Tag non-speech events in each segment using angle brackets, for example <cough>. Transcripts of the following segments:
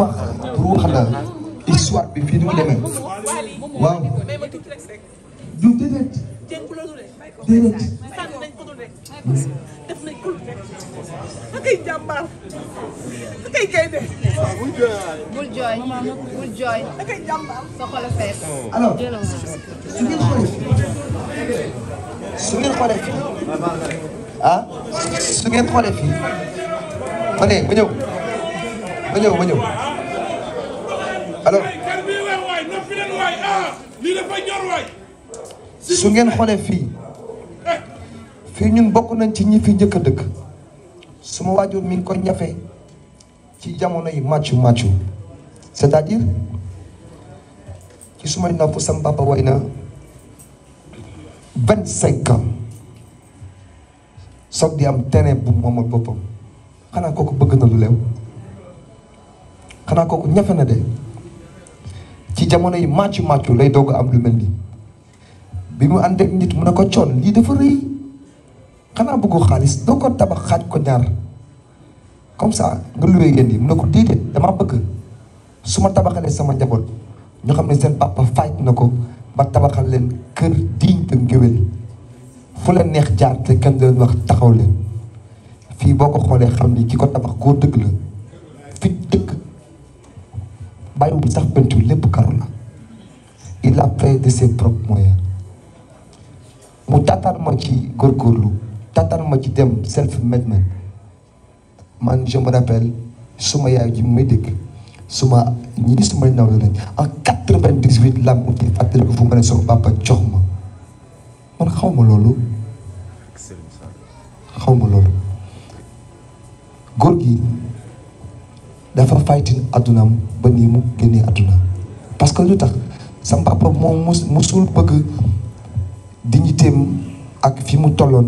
wax pour wax la histoire bi fii ni mu demee waaw du déedéet déedéet akay jàmbaar akay gaynde bul jooy bul jooy akay jàmbaar sa xol a fees alors su ngeen xoolee su ngeen xoolee fii ah su ngeen xoolee fii ma ne ma ñëw ma ñëw ma ñëw Ah, su ngeen xoolee fii eh. fii ñun bokk nañ ci ñi fi njëkk a dëkk suma waajur mi ngi ñafe ci jamono yi màccu màccu c'est-à-dire ci suma nopp sam papa way na vingt cinq ans soog di am terrain bu moomal boppam xanaa kooku bëgg na lu leew xanaa kooku ñafe na de jamono yi màccu màccu lay doog am lu mel nii bi mu ànd ak nit mu ne ko coon lii dafa rëy xanaa bëggu xaalis doo ko tabax xaaj ko ñaar comme sa nga luwee yéen yi mu ne ko déedéet damaa bëgg su ma tabaxalee sama njaboot ñu xam ne seen papa faj na ko ba tabaxal leen kër diñ te ngéwél fu leen neex jaar te kenn du wax taxaw leen fii boo ko xoolee xam ni ki ko tabax koo dëgg la fi dëkk bàyyiwu bi sax peinture lépp karu la il a fait de ses propres moyens mu tataan ma ci góorgóorlu tataan ma ci dem self-made man man je me suma yaay ji may dégg suma ñii suma naw lañ en quatre-vingt-dix-huit lam uti fàttali ko fu ma ne sama papa jox ma man xaw ma loolu xaw ma loolu góor dafa faytin addunaam ba nii mu génnee adduna parce que lu tax sama papa moom mus musul bëgg dignitéem ak fi mu tolloon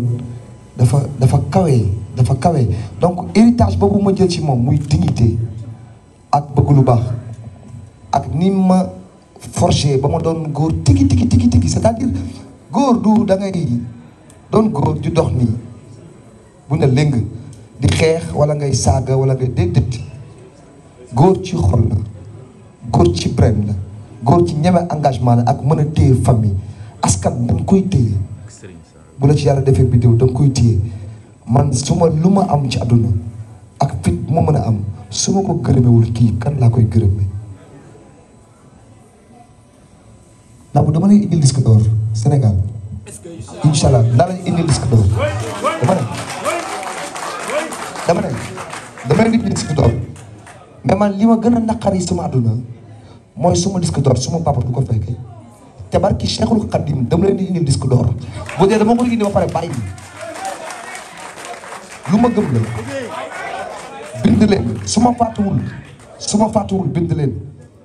dafa dafa kawe dafa kawe donc héritage boobu ma jël ci moom muy dignité ak bëgg baax ak ni ma forger ba ma doon góor tigi tigi tigi tigi cest góor du da ngay doon góor di dox nii bu ne lëng di xeex wala ngay saaga wala ngay déedéet góor ci xol la góor ci brain la góor ci ñeme engagement la ak mën a téye famille askan dañ koy téye bu la ci yàlla defee bidéw da nga koy téye man su ma lu ma am ci àdduna ak fit bu ma mën a am su ma ko gërëmewul kii kan laa koy gërëme ndax bu dama lay indil disque d'or Sénégal incha allah daa lay indil disque dama ne dama ne dama lay indil disque d'or mais man li ma gën a naqari suma àdduna mooy suma disque d'or suma papa du ko fekkee te barki Cheikhul Khadim dama leen di indil disque d'or bu dee dama ko indi ba pare bàyyi lu ma gëm la bind leen su ma fàttuwul su ma fàttuwul bind leen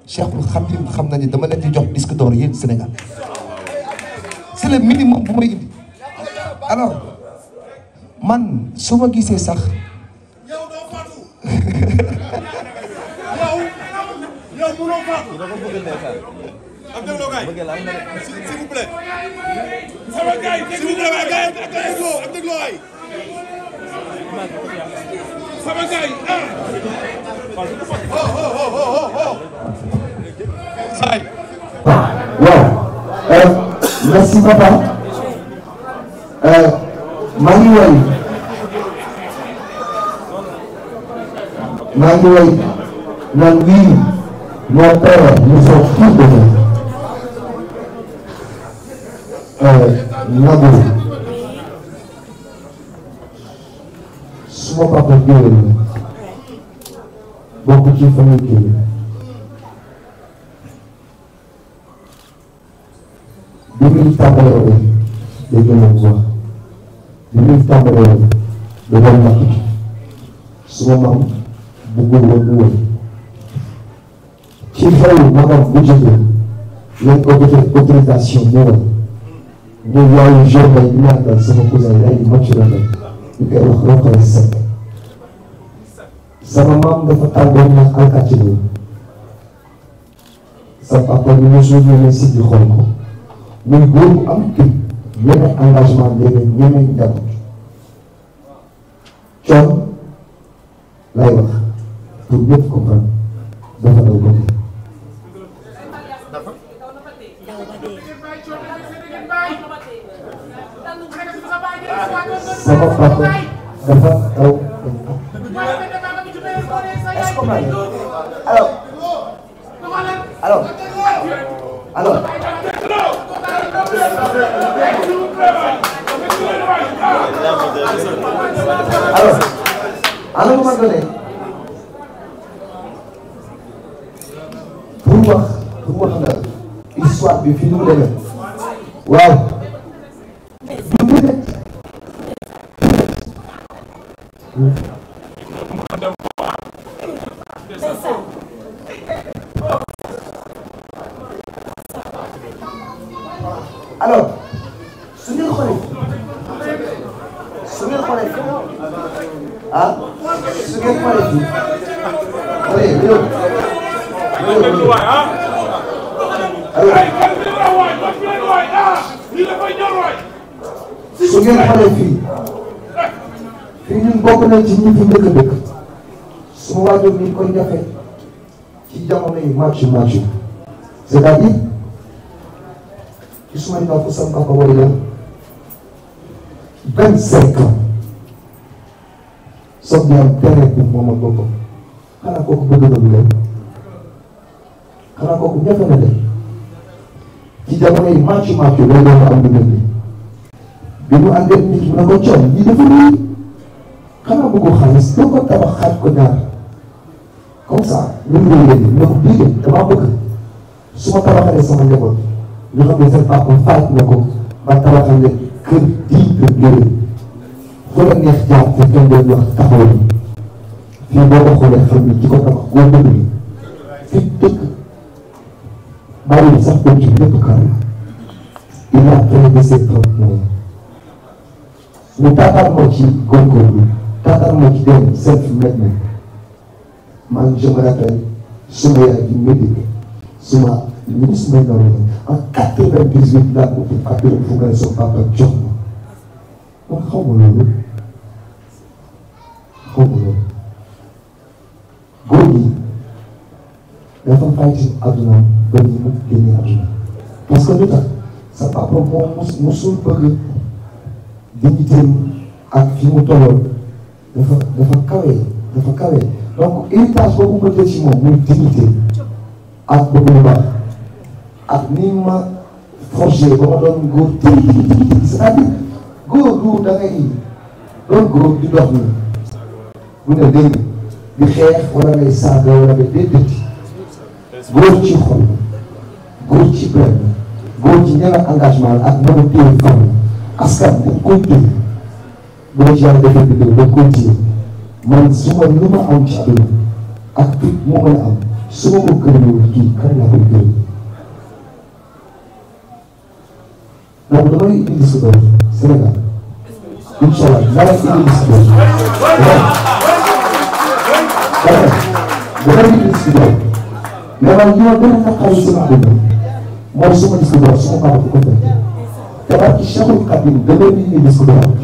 Cheikhul Khadim xam nañu dama leen di jox disque d'or yéen Sénégal c'est le minimum bu may indi alors man su ma gisee sax. <laughs> mënoo faatu. dina ko bëgg ndeysaan. am dégloo gaay s'il vous plaît. Nos pères, nous sommes fils de vous. Euh, Nabo. Suma papa génn na bokk ci famille génn bi muy tàmbalee dégg na bu baax bi muy tàmbalee da doon natt suma mam bu góor woon xirfawu magam bu jëkkër lañ ko defee autorisation ñëwal ñu yaayu journal bi ñaanal sama cousin yaayu naturel ñu koy wax roqale sekk sama maam dafa tàggoon na alkati bi sa papa bi ñu suuf ñu ne si bi xool ko muy góor bu am kii yeneen engagement léegi ñeneen njaboot coon lay wax pour ñëpp comprendre dafa daw bëgg sama papa dafa daw est-ce que man allo allo allo allo allo bu ma doonee pour wax pour wax la histoire bi fi mu demee waaw alors su ngeen xoolee su ngeen xoolee ah su ngeen xoolee fii xoolee ñëw ñëw ñëw alors su ngeen xoolee fii. ñun bokk nañ ci ñi fi njëkk a dëkk suma waajur mi ko jafe ci jamono yi màccu màccu cest ci suma ndaw sam papa war yam vingt cinq ans soog am terrain moom ak boppam xanaa kooku bëgg na lu leen xanaa kooku jafe na ci jamono yi màccu màccu am lu leen bi mu àndee nit mu ne ko coon ñi dafa nii xanaa bëgg ko xaalis doo ko tabax xaaj ko ñaar comme ça ñu ngi lay yëngu ñoo ko bii damaa bëgg su ma tabaxalee sama njaboot ñu xam ne seen papa faat na ko ma tabaxal leen kër diine yore fu la neex jaar te kenn doon wax taxaw yi fii boo ko xoolee xam ni ci ko tabax góor bëgg ni fi dëkk bari sax ko ci lépp kaw il a prévu ses propres moyens mu taataan ko ci góorgóorlu taataan ma ci dem self-made man je me rappelle suma yaay suma ministre may naw en quatre-vingt-dix-huit laa ko def appel papa jox ma man xaw ma loolu xaw ma loolu góor gi dafa fay ci àdduna ba ni mu génne àdduna sa papa moom mosul bëgg dignitéem ak fi mu tolloon dafa dafa kawe dafa kawe donc héritage boobu ma ak bëgg lu ak ni ma forgé ba ma doon góor tey c'est-à-dire góor du da ngay doon góor di dox nii bu ne dégg di xeex wala ngay saaga wala ngay déedéet góor ci xol góor ci engagement ak mën a téye fan askan bu mooy genre de dëkk bi ba continuer man su ma lu ma am ci àdduna ak tout mu mën a am su ma ko gënoon kii kan laa koy gën donc damay indi si doon Sénégal incha allah nar a indi si doon waaw damay indi si doon mais man li ma gën a naqari sama àdduna mooy su ma gis ko doon su ma baax ko fekk te barki Cheikhul Khadim damay indi si doon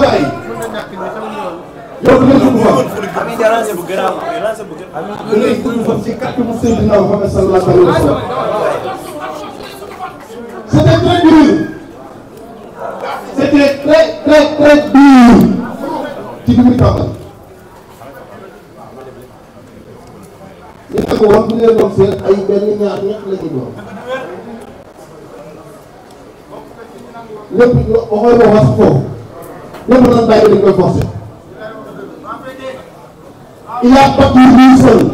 la bàyyi. yow dina dugg fa. da ngay dugg fa ci kàttanu Seydina Muhammad sallallahu alayhi wa sallam. c'était très dur. c'était très très très dur. ci biir Pambal. ñu ne ko woon bu ñu leen doon seet ay benn ñaar ñett la ñu doon. lépp loo waxoon na wax foofu. la mu doon bàyyi dañ koy forcer il a battu lui seul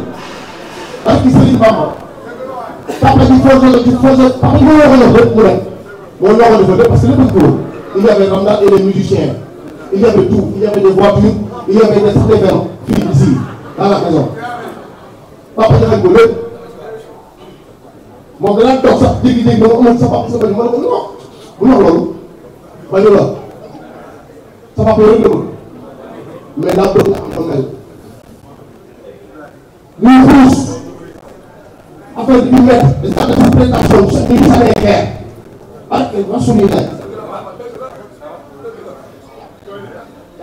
parce que Serigne Bamba papa ji forcer la ci forcer papa ji moo waxoon ak lépp mu nekk moo waxoon ak lépp parce que lépp dañ ko woon il y avait Ramdan et les musiciens il y avait tout il y avait des voitures il y avait des sax des vélos fii ici dans la maison papa ji xañ ko lépp moom danaa toog sax jékki-jékki ba ma amoon sa papa sa bëri ma ne ko non bu ñu wax loolu bañu la. sa papa yëngu na ma mais daa bëgg am mel. muy xuus affaire bi mett dañu daan def présentation bu set bi ñu sànnee xeer parce que ma suñuy nekk.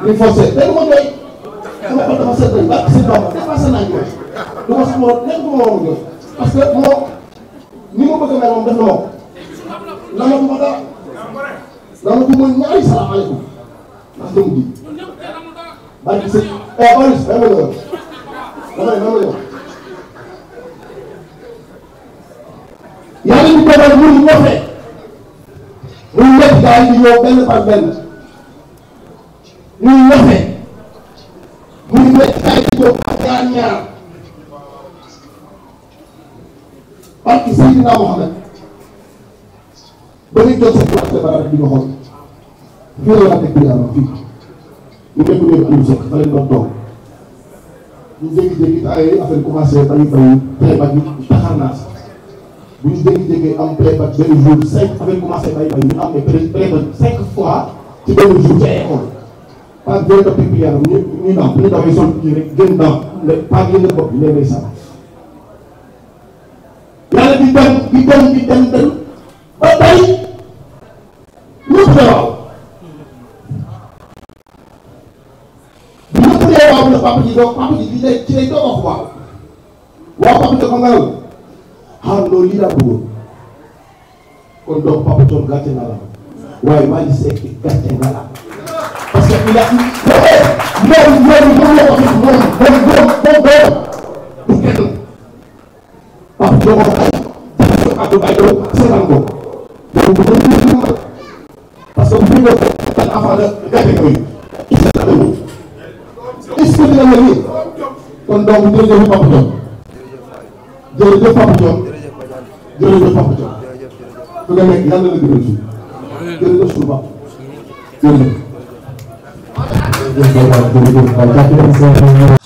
ñu forcé dégg nga doy sama xol dafa set rek ba si doom dépassé naa ñu du ma sax moo nekk ma woon ñëw parce que moo ni ma bëgg a mel moom def na moom. lan la ko mën a lan la ko mën ñaari askan bi barki sëñ eh Pawlish dama la wax dama la dama la wax yaa ngi ñu toogal mënuñu ñoxe muy ñëpp gars yi di ñëw benn par benn muy ñoxe muy ñëpp gars yi di ñëw par ñaar ñaar barki Seydina Mohamed ba ñu jël sa place de barab bi nga xool fii la laa teg bilaama fii ñu nekk ngeen am sëkk fa leen doon toog ñu jékki-jékki te ay affaire commencé bañ bañ prébat yi taxar naa sax bu ñu jékki-jékki am prébat benn jour cinq affaire commencé bañ bañ ñu am ay prébat cinq fois ci benn jour ci ay école par deux ba teg bilaama ñu ñu ndaw bu ñu dawee sol kii rek gën ndaw ne par yenn bopp yi léeg-léeg sax yàlla di dem di dem di dem dem ba tey papa ji doog papa ji lay ci lay doog a wax waaw papa ji ko nga yow ah loolu lii laa bëggoon kon donc papa Thione gàcce na la waaye Wally Seck gàcce na la parce que il a eu. loolu loolu loolu la ko moom moom moom jërëjëf Papa Diop jërëjëf Papa Diop jërëjëf Papa Diop su nga nekk yàlla la gënal suuf jërëjëf suñu bopp jërëjëf.